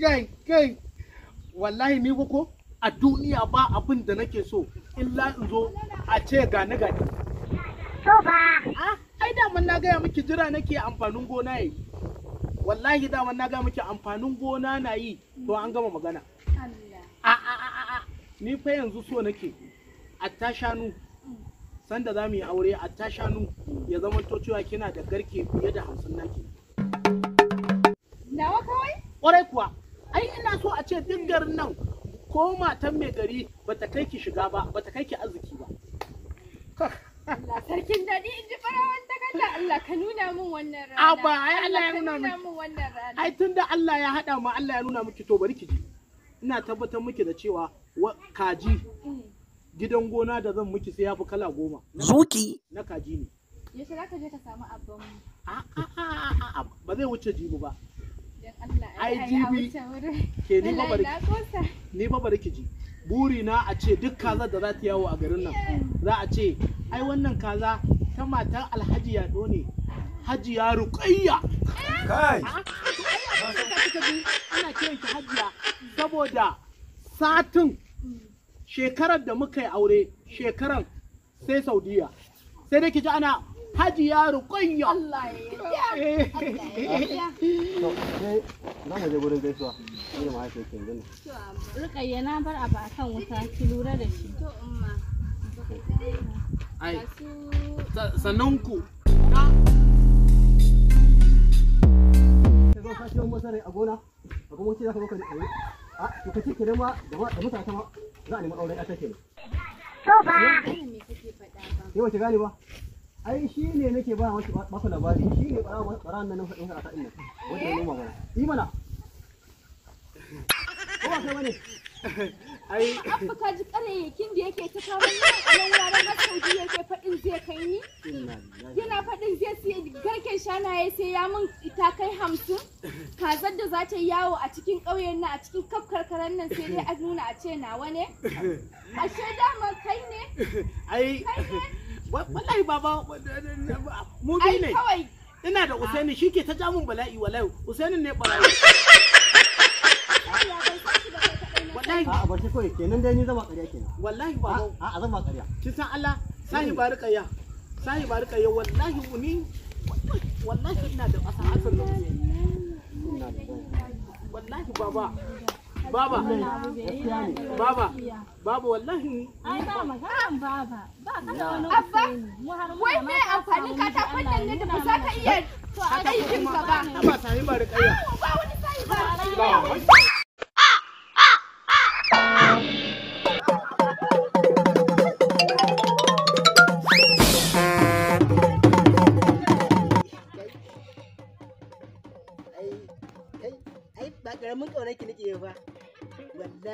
kai kai wallahi ni ko a duniya ba abin da nake so illa in zo a ce gani gani to ba ah, ai daman na gaya miki jira nake amfanin gona yi wallahi daman na gaya miki amfanin gona na yi to an gama magana a a a ni fa yanzu so nake a ta shanu sanda za mu yi aure a ta shanu ya zama to cewa kina da garke fiye da hamsin naki nawa kawai kwarai kuwa ai ina so a ce duk garin nan ko matan mai gari bata kai ki shiga ba bata kai ki arziki ba Allah sarkin daɗi in ji farawan takarda Allah ka nuna min wannan rana. A ba ai Allah ya nuna min wannan rana. Ai tunda Allah ya haɗa mu Allah ya nuna miki to bari ki ji. Ina tabbatar miki da cewa kaji gidan gona da zan miki sai ya fi kala goma. Zuki. Na kaji ne. Yaushe za ka je ka samu abban mu? A'a ba zai wuce jibi ba. IGB ke ni fa bari ji buri na a ce duk kazar da za ta yawo a garin nan za a ce ai wannan kaza ta matan Alhaji Yado ne Hajiya Ruqayya kai ana ce ki Hajiya saboda satin shekarar da muka yi aure shekarar sai Saudiya sai dai ki ji ana Hajiya Ruqayya Allah ya na mu je gurin gaisuwa gani rukayya na bar abu a kan wuta ki lura da shi to umma ai sannan ku na zo a gona a kuma ce zo ka a to ki da ma za a nemi take ne to ba ba ai shi ne nake ba maki ba labari shi ne bara tsara nan nufin ɗin karata ɗin nan wanda ya noma mana yi mana ko ba kai bane ai abba ka ji yakin da yake ta kawo nan wuraren na saudi yake faɗin zai kai ni yana faɗin zai siya garken shanaye sai ya min ita kai hamsin kazar da za ta yawo a cikin ƙauyen nan a cikin kaf karkaran nan sai dai a nuna a ce nawa ne ashe dama kai ne ai wallahi baba mu bi ne ina da usaini shike ta jamun bala'i wallahi usainin ne bala'i wallahi a barci kawai kenan dai ni zama ƙarya kenan wallahi baba a zama ƙarya kin san Allah sahi barika ya sahi barika ya wallahi uni wallahi ina da ƙasa asar da wallahi baba baba baba baba wallahi ai ba baba ba ka da wani abba wai me amfani ka ta fannin ne da ba za ka iya aikin ka ba ba ba rikaya ba wani sai ba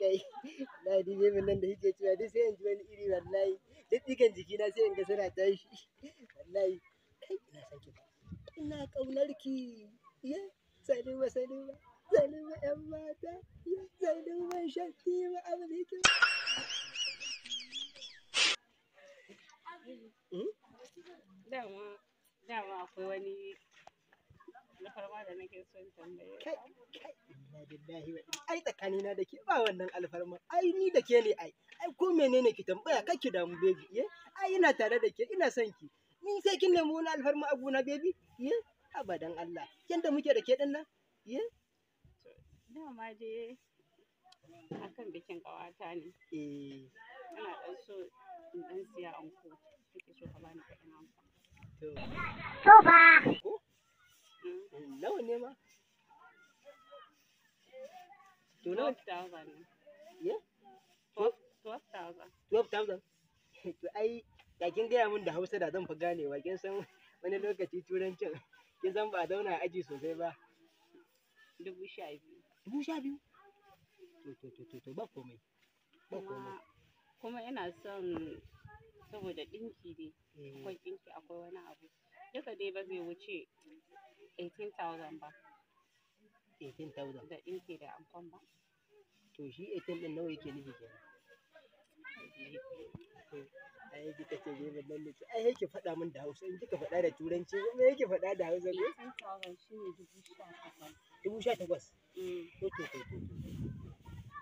kai na di ne min nan da yake cewa duk sai in ji wani iri wallahi duk jiki jikina sai in ga suna tashi wallahi kai ina san ki ina kaunar ki ya salima salima salima yan mata ya salima shatima amriki hmm? dama dama akwai wani alfarma da nake son tambaye kai kai inna ai tsakani na da ke ba wannan alfarma ai ni da ke ne ai ai ko menene ki tambaya kake da mu baby ye eh? ai ina tare da ke ina son ki ni sai kin nemi wani alfarma a gona baby ye eh? abadan Allah kin da muke da ke din nan ye eh? dama dai akan bikin kawata ne eh ina dan so in dan siya anko kike so ka bani kuɗin anko to ba ne ma? To ai, da kin gaya min da Hausa da zan fi ganewa, kin san wani lokaci turancin, kin san ba zauna aji sosai ba. Dubu sha biyu. Dubu sha biyu? To, to, to, to, to, ba komai. Ba komai. Kuma ina son saboda ɗinki ne, eh. akwai ɗinki akwai wani abu. Duka dai ba zai wuce 18,000 ba 18,000 da ɗinke da ankon ba to shi 18 ɗin nawa yake nufi kenan ai yake ka ce zai babban mace ai yake faɗa min da hausa in kika faɗa da turanci kuma yake faɗa da hausa ne mm.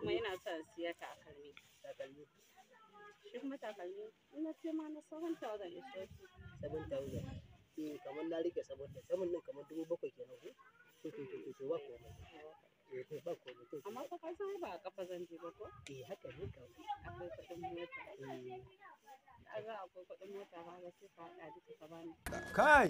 kuma yana son siya takalmi takalmi shi kuma takalmi ina ce ma na 7,000 ya shi 7,000 eh kamar na rike sabon da saman nan kamar dubu bakwai kenan ko to to to to ba komai eh, ba komai to amma fa ka san ba kafa zan je ba ko eh haka ne ka akwai kudin mota eh akwai kudin mota ba sai ka ka bani kai